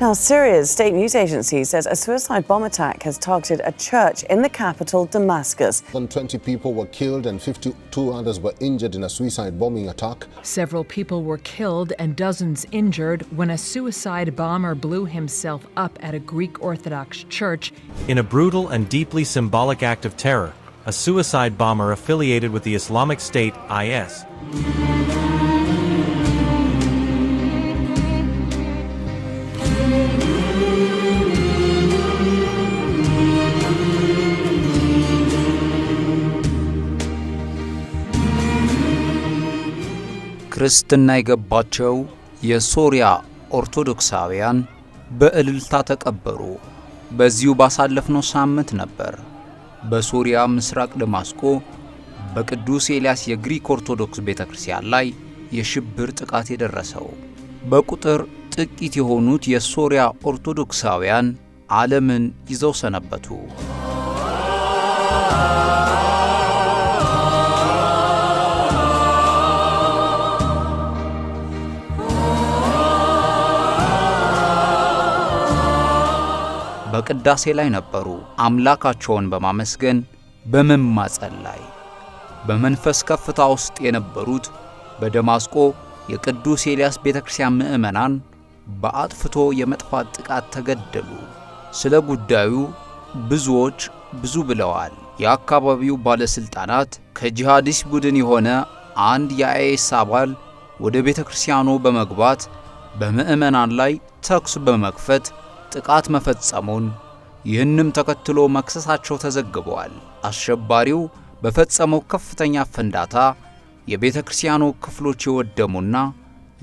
Now, Syria's state news agency says a suicide bomb attack has targeted a church in the capital, Damascus. 120 people were killed and 52 others were injured in a suicide bombing attack. Several people were killed and dozens injured when a suicide bomber blew himself up at a Greek Orthodox church. In a brutal and deeply symbolic act of terror, a suicide bomber affiliated with the Islamic State, IS. ክርስትና የገባቸው የሶሪያ ኦርቶዶክሳውያን በእልልታ ተቀበሩ። በዚሁ ባሳለፍነው ሳምንት ነበር በሶሪያ ምስራቅ ደማስቆ በቅዱስ ኤልያስ የግሪክ ኦርቶዶክስ ቤተ ክርስቲያን ላይ የሽብር ጥቃት የደረሰው። በቁጥር ጥቂት የሆኑት የሶሪያ ኦርቶዶክሳውያን ዓለምን ይዘው ሰነበቱ። በቅዳሴ ላይ ነበሩ። አምላካቸውን በማመስገን በመማጸን ላይ በመንፈስ ከፍታ ውስጥ የነበሩት በደማስቆ የቅዱስ ኤልያስ ቤተክርስቲያን ምዕመናን በአጥፍቶ የመጥፋት ጥቃት ተገደሉ። ስለ ጉዳዩ ብዙዎች ብዙ ብለዋል። የአካባቢው ባለስልጣናት ከጂሃዲስት ቡድን የሆነ አንድ የአይኤስ አባል ወደ ቤተክርስቲያኑ በመግባት በምዕመናን ላይ ተኩስ በመክፈት ጥቃት መፈጸሙን ይህንም ተከትሎ መክሰሳቸው ተዘግበዋል። አሸባሪው በፈጸመው ከፍተኛ ፍንዳታ የቤተ ክርስቲያኑ ክፍሎች የወደሙና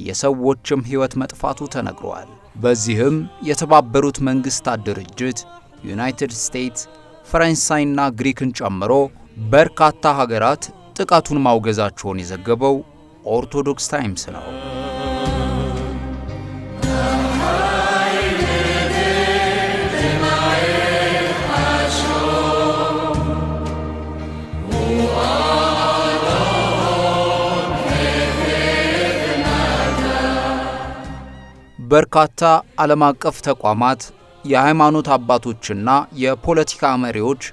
የሰዎችም ሕይወት መጥፋቱ ተነግሯል። በዚህም የተባበሩት መንግስታት ድርጅት፣ ዩናይትድ ስቴትስ፣ ፈረንሳይና ግሪክን ጨምሮ በርካታ ሀገራት ጥቃቱን ማውገዛቸውን የዘገበው ኦርቶዶክስ ታይምስ ነው። በርካታ ዓለም አቀፍ ተቋማት፣ የሃይማኖት አባቶችና የፖለቲካ መሪዎች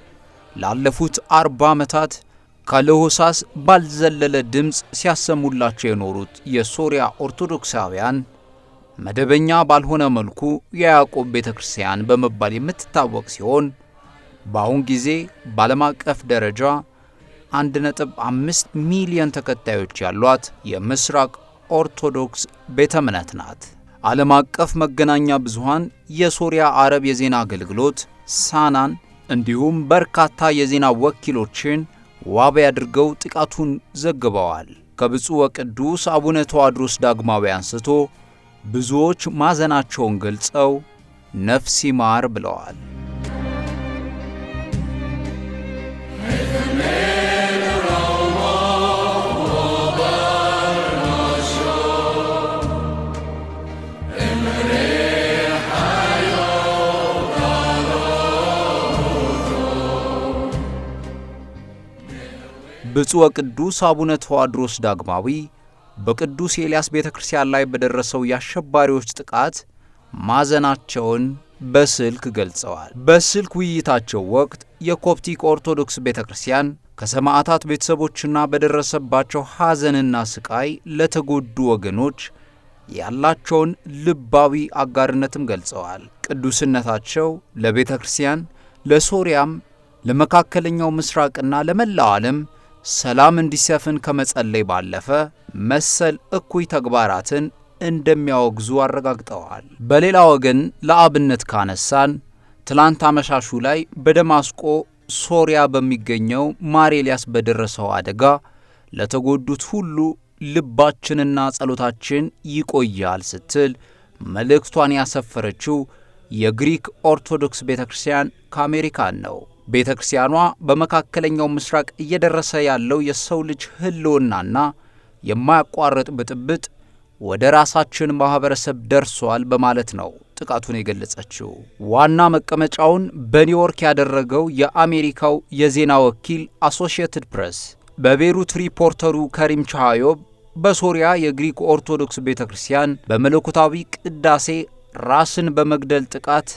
ላለፉት አርባ ዓመታት ከለሆሳስ ባልዘለለ ድምፅ ሲያሰሙላቸው የኖሩት የሶሪያ ኦርቶዶክሳውያን መደበኛ ባልሆነ መልኩ የያዕቆብ ቤተ ክርስቲያን በመባል የምትታወቅ ሲሆን በአሁን ጊዜ በዓለም አቀፍ ደረጃ 1.5 ሚሊዮን ተከታዮች ያሏት የምስራቅ ኦርቶዶክስ ቤተ እምነት ናት። ዓለም አቀፍ መገናኛ ብዙሃን የሶሪያ አረብ የዜና አገልግሎት ሳናን እንዲሁም በርካታ የዜና ወኪሎችን ዋቢ አድርገው ጥቃቱን ዘግበዋል። ከብፁዕ ወቅዱስ አቡነ ተዋድሮስ ዳግማዊ አንስቶ ብዙዎች ማዘናቸውን ገልጸው ነፍሲ ማር ብለዋል። ብፁዕ ወቅዱስ አቡነ ተዋድሮስ ዳግማዊ በቅዱስ ኤልያስ ቤተ ክርስቲያን ላይ በደረሰው የአሸባሪዎች ጥቃት ማዘናቸውን በስልክ ገልጸዋል። በስልክ ውይይታቸው ወቅት የኮፕቲክ ኦርቶዶክስ ቤተ ክርስቲያን ከሰማዕታት ቤተሰቦችና በደረሰባቸው ሐዘንና ስቃይ ለተጎዱ ወገኖች ያላቸውን ልባዊ አጋርነትም ገልጸዋል። ቅዱስነታቸው ለቤተ ክርስቲያን፣ ለሶሪያም፣ ለመካከለኛው ምስራቅና ለመላው ዓለም ሰላም እንዲሰፍን ከመጸለይ ባለፈ መሰል እኩይ ተግባራትን እንደሚያወግዙ አረጋግጠዋል። በሌላ ወገን ለአብነት ካነሳን ትላንት አመሻሹ ላይ በደማስቆ ሶሪያ በሚገኘው ማሬሊያስ በደረሰው አደጋ ለተጎዱት ሁሉ ልባችንና ጸሎታችን ይቆያል ስትል መልእክቷን ያሰፈረችው የግሪክ ኦርቶዶክስ ቤተ ክርስቲያን ከአሜሪካን ነው። ቤተ ክርስቲያኗ በመካከለኛው ምስራቅ እየደረሰ ያለው የሰው ልጅ ህልውናና የማያቋርጥ ብጥብጥ ወደ ራሳችን ማህበረሰብ ደርሷል በማለት ነው ጥቃቱን የገለጸችው። ዋና መቀመጫውን በኒውዮርክ ያደረገው የአሜሪካው የዜና ወኪል አሶሺየትድ ፕሬስ በቤሩት ሪፖርተሩ ከሪም ቻሃዮብ በሶሪያ የግሪክ ኦርቶዶክስ ቤተ ክርስቲያን በመለኮታዊ ቅዳሴ ራስን በመግደል ጥቃት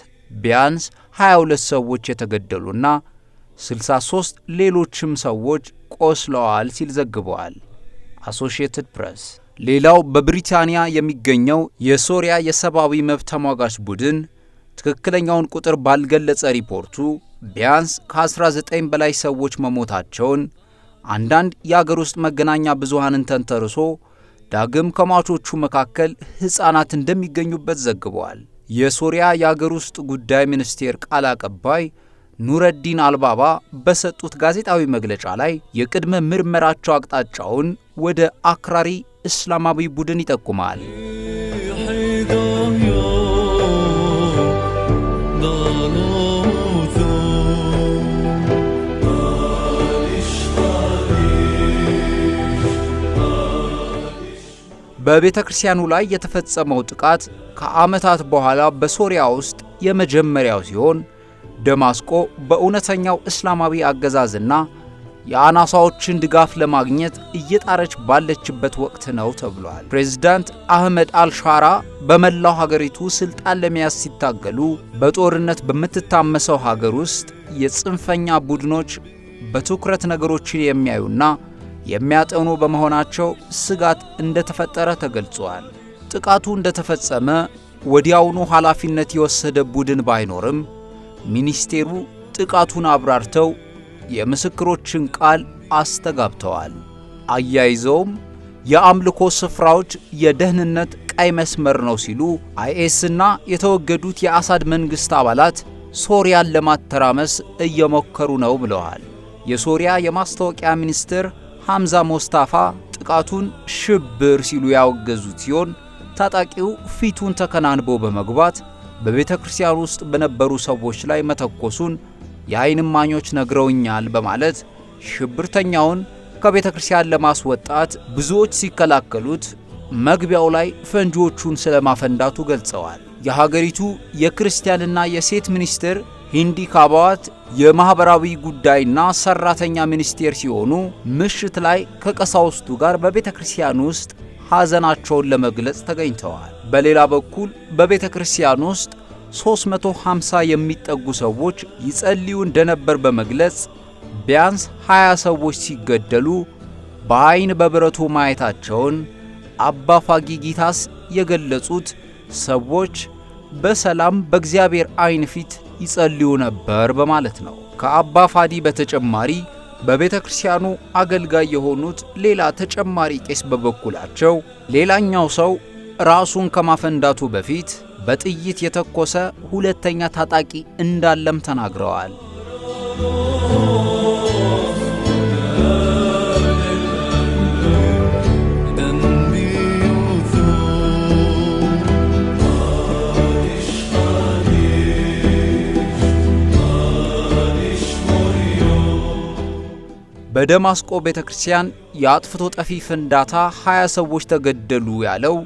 ቢያንስ 22 ሰዎች የተገደሉና 63 ሌሎችም ሰዎች ቆስለዋል ሲል ዘግበዋል አሶሺየትድ ፕሬስ። ሌላው በብሪታንያ የሚገኘው የሶሪያ የሰብአዊ መብት ተሟጋች ቡድን ትክክለኛውን ቁጥር ባልገለጸ ሪፖርቱ ቢያንስ ከ19 በላይ ሰዎች መሞታቸውን አንዳንድ የአገር ውስጥ መገናኛ ብዙሃንን ተንተርሶ ዳግም ከሟቾቹ መካከል ሕፃናት እንደሚገኙበት ዘግበዋል። የሶሪያ የአገር ውስጥ ጉዳይ ሚኒስቴር ቃል አቀባይ ኑረዲን አልባባ በሰጡት ጋዜጣዊ መግለጫ ላይ የቅድመ ምርመራቸው አቅጣጫውን ወደ አክራሪ እስላማዊ ቡድን ይጠቁማል። በቤተ ክርስቲያኑ ላይ የተፈጸመው ጥቃት ከዓመታት በኋላ በሶሪያ ውስጥ የመጀመሪያው ሲሆን ደማስቆ በእውነተኛው እስላማዊ አገዛዝና የአናሳዎችን ድጋፍ ለማግኘት እየጣረች ባለችበት ወቅት ነው ተብሏል። ፕሬዚዳንት አህመድ አልሻራ በመላው ሀገሪቱ ስልጣን ለመያዝ ሲታገሉ በጦርነት በምትታመሰው ሀገር ውስጥ የጽንፈኛ ቡድኖች በትኩረት ነገሮችን የሚያዩና የሚያጠኑ በመሆናቸው ስጋት እንደተፈጠረ ተገልጿል። ጥቃቱ እንደተፈጸመ ወዲያውኑ ኃላፊነት የወሰደ ቡድን ባይኖርም ሚኒስቴሩ ጥቃቱን አብራርተው የምስክሮችን ቃል አስተጋብተዋል። አያይዘውም የአምልኮ ስፍራዎች የደህንነት ቀይ መስመር ነው ሲሉ አይኤስና የተወገዱት የአሳድ መንግሥት አባላት ሶሪያን ለማተራመስ እየሞከሩ ነው ብለዋል። የሶሪያ የማስታወቂያ ሚኒስትር ሐምዛ ሞስታፋ ጥቃቱን ሽብር ሲሉ ያወገዙት ሲሆን ታጣቂው ፊቱን ተከናንቦ በመግባት በቤተ ክርስቲያን ውስጥ በነበሩ ሰዎች ላይ መተኮሱን የዓይን እማኞች ነግረውኛል በማለት ሽብርተኛውን ከቤተ ክርስቲያን ለማስወጣት ብዙዎች ሲከላከሉት መግቢያው ላይ ፈንጂዎቹን ስለማፈንዳቱ ገልጸዋል። የሀገሪቱ የክርስቲያንና የሴት ሚኒስትር ሂንዲ ካባዋት የማህበራዊ ጉዳይና ሰራተኛ ሚኒስቴር ሲሆኑ ምሽት ላይ ከቀሳውስቱ ጋር በቤተ ክርስቲያን ውስጥ ሐዘናቸውን ለመግለጽ ተገኝተዋል። በሌላ በኩል በቤተ ክርስቲያን ውስጥ 350 የሚጠጉ ሰዎች ይጸልዩ እንደነበር በመግለጽ ቢያንስ 20 ሰዎች ሲገደሉ በአይን በብረቱ ማየታቸውን አባ ፋጊ ጊታስ የገለጹት ሰዎች በሰላም በእግዚአብሔር አይን ፊት ይጸልዩ ነበር በማለት ነው። ከአባ ፋዲ በተጨማሪ በቤተ ክርስቲያኑ አገልጋይ የሆኑት ሌላ ተጨማሪ ቄስ በበኩላቸው ሌላኛው ሰው ራሱን ከማፈንዳቱ በፊት በጥይት የተኮሰ ሁለተኛ ታጣቂ እንዳለም ተናግረዋል። በደማስቆ ቤተክርስቲያን የአጥፍቶ ጠፊ ፍንዳታ 20 ሰዎች ተገደሉ ያለው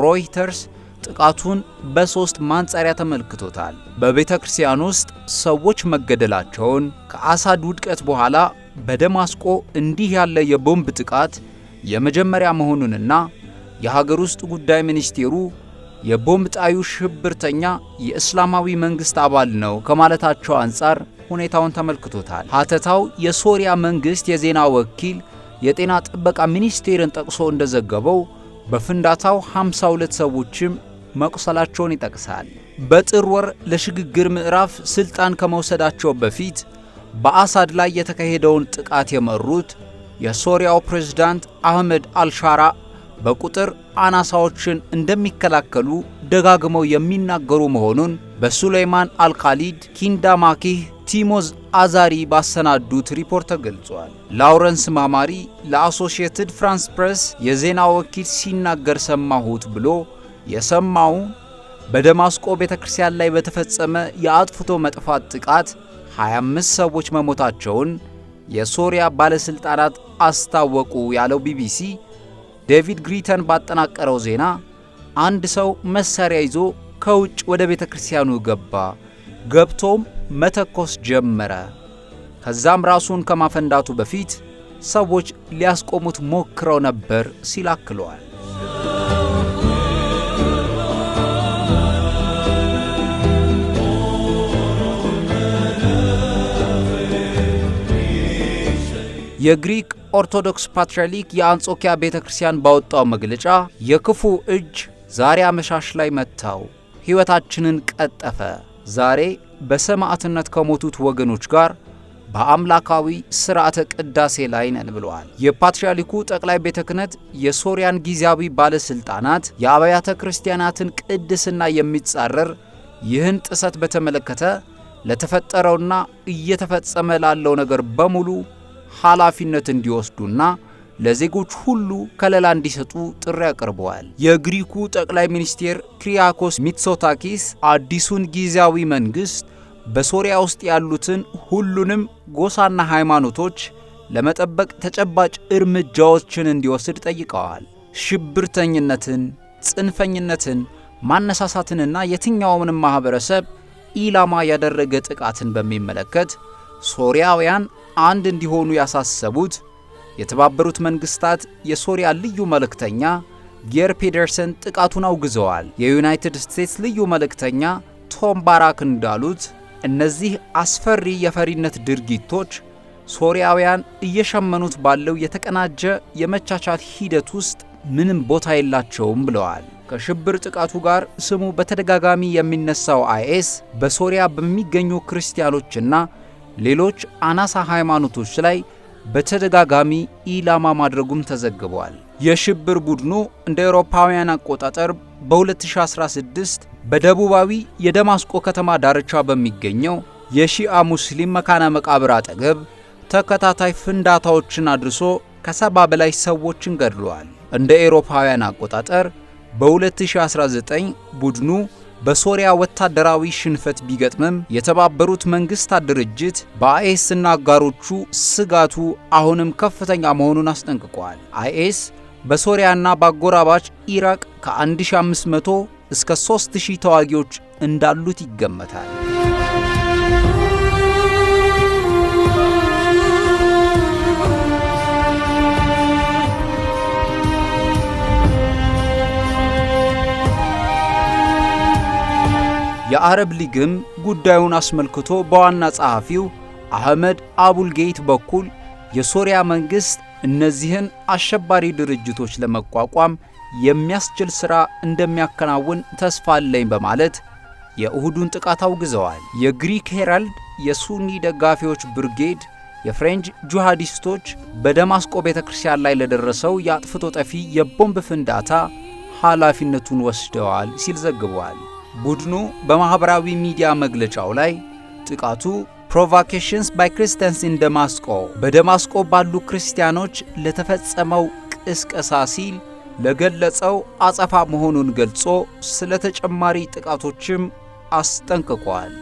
ሮይተርስ ጥቃቱን በሶስት ማንጸሪያ ተመልክቶታል። በቤተ ክርስቲያን ውስጥ ሰዎች መገደላቸውን፣ ከአሳድ ውድቀት በኋላ በደማስቆ እንዲህ ያለ የቦምብ ጥቃት የመጀመሪያ መሆኑንና የሀገር ውስጥ ጉዳይ ሚኒስቴሩ የቦምብ ጣዩ ሽብርተኛ የእስላማዊ መንግስት አባል ነው ከማለታቸው አንጻር ሁኔታውን ተመልክቶታል። ሀተታው የሶሪያ መንግሥት የዜና ወኪል የጤና ጥበቃ ሚኒስቴርን ጠቅሶ እንደዘገበው በፍንዳታው 52 ሰዎችም መቁሰላቸውን ይጠቅሳል። በጥር ወር ለሽግግር ምዕራፍ ስልጣን ከመውሰዳቸው በፊት በአሳድ ላይ የተካሄደውን ጥቃት የመሩት የሶሪያው ፕሬዝዳንት አህመድ አልሻራ በቁጥር አናሳዎችን እንደሚከላከሉ ደጋግመው የሚናገሩ መሆኑን በሱሌይማን አልካሊድ ኪንዳማኪህ ቲሞዝ አዛሪ ባሰናዱት ሪፖርት ተገልጿል። ላውረንስ ማማሪ ለአሶሺየትድ ፍራንስ ፕሬስ የዜና ወኪል ሲናገር ሰማሁት ብሎ የሰማው በደማስቆ ቤተ ክርስቲያን ላይ በተፈጸመ የአጥፍቶ መጥፋት ጥቃት 25 ሰዎች መሞታቸውን የሶሪያ ባለሥልጣናት አስታወቁ ያለው ቢቢሲ ዴቪድ ግሪተን ባጠናቀረው ዜና አንድ ሰው መሳሪያ ይዞ ከውጭ ወደ ቤተ ክርስቲያኑ ገባ ገብቶም መተኮስ ጀመረ። ከዛም ራሱን ከማፈንዳቱ በፊት ሰዎች ሊያስቆሙት ሞክረው ነበር ሲል አክለዋል። የግሪክ ኦርቶዶክስ ፓትርያርክ የአንጾኪያ ቤተ ክርስቲያን ባወጣው መግለጫ የክፉ እጅ ዛሬ አመሻሽ ላይ መታው፣ ሕይወታችንን ቀጠፈ ዛሬ በሰማዕትነት ከሞቱት ወገኖች ጋር በአምላካዊ ስርዓተ ቅዳሴ ላይ ነን ብለዋል። የፓትርያርኩ ጠቅላይ ቤተ ክህነት የሶሪያን ጊዜያዊ ባለስልጣናት የአብያተ ክርስቲያናትን ቅድስና የሚጻረር ይህን ጥሰት በተመለከተ ለተፈጠረውና እየተፈጸመ ላለው ነገር በሙሉ ኃላፊነት እንዲወስዱና ለዜጎች ሁሉ ከለላ እንዲሰጡ ጥሪ አቅርበዋል። የግሪኩ ጠቅላይ ሚኒስቴር ክሪያኮስ ሚትሶታኪስ አዲሱን ጊዜያዊ መንግስት በሶሪያ ውስጥ ያሉትን ሁሉንም ጎሳና ሃይማኖቶች ለመጠበቅ ተጨባጭ እርምጃዎችን እንዲወስድ ጠይቀዋል። ሽብርተኝነትን፣ ጽንፈኝነትን፣ ማነሳሳትንና የትኛውንም ማህበረሰብ ኢላማ ያደረገ ጥቃትን በሚመለከት ሶሪያውያን አንድ እንዲሆኑ ያሳሰቡት የተባበሩት መንግስታት የሶሪያ ልዩ መልእክተኛ ጌር ፔደርሰን ጥቃቱን አውግዘዋል። የዩናይትድ ስቴትስ ልዩ መልእክተኛ ቶም ባራክ እንዳሉት እነዚህ አስፈሪ የፈሪነት ድርጊቶች ሶሪያውያን እየሸመኑት ባለው የተቀናጀ የመቻቻት ሂደት ውስጥ ምንም ቦታ የላቸውም ብለዋል። ከሽብር ጥቃቱ ጋር ስሙ በተደጋጋሚ የሚነሳው አይኤስ በሶሪያ በሚገኙ ክርስቲያኖችና ሌሎች አናሳ ሃይማኖቶች ላይ በተደጋጋሚ ኢላማ ማድረጉም ተዘግቧል። የሽብር ቡድኑ እንደ አውሮፓውያን አቆጣጠር በ2016 በደቡባዊ የደማስቆ ከተማ ዳርቻ በሚገኘው የሺአ ሙስሊም መካና መቃብር አጠገብ ተከታታይ ፍንዳታዎችን አድርሶ ከሰባ በላይ ሰዎችን ገድሏል። እንደ አውሮፓውያን አቆጣጠር በ2019 ቡድኑ በሶሪያ ወታደራዊ ሽንፈት ቢገጥምም የተባበሩት መንግስታት ድርጅት በአይኤስ እና አጋሮቹ ስጋቱ አሁንም ከፍተኛ መሆኑን አስጠንቅቋል። አይኤስ በሶሪያና በአጎራባች ኢራቅ ከ1500 እስከ 3000 ተዋጊዎች እንዳሉት ይገመታል። የአረብ ሊግም ጉዳዩን አስመልክቶ በዋና ጸሐፊው አህመድ አቡልጌይት በኩል የሶሪያ መንግሥት እነዚህን አሸባሪ ድርጅቶች ለመቋቋም የሚያስችል ሥራ እንደሚያከናውን ተስፋ አለኝ በማለት የእሁዱን ጥቃት አውግዘዋል። የግሪክ ሄራልድ የሱኒ ደጋፊዎች ብርጌድ የፍሬንች ጂሃዲስቶች በደማስቆ ቤተ ክርስቲያን ላይ ለደረሰው የአጥፍቶ ጠፊ የቦምብ ፍንዳታ ኃላፊነቱን ወስደዋል ሲል ዘግቧል። ቡድኑ በማኅበራዊ ሚዲያ መግለጫው ላይ ጥቃቱ ፕሮቮኬሽንስ ባይ ክርስቲያንስ ኢን ደማስቆ በደማስቆ ባሉ ክርስቲያኖች ለተፈጸመው ቅስቀሳ ሲል ለገለጸው አጸፋ መሆኑን ገልጾ ስለ ተጨማሪ ጥቃቶችም አስጠንቅቋል።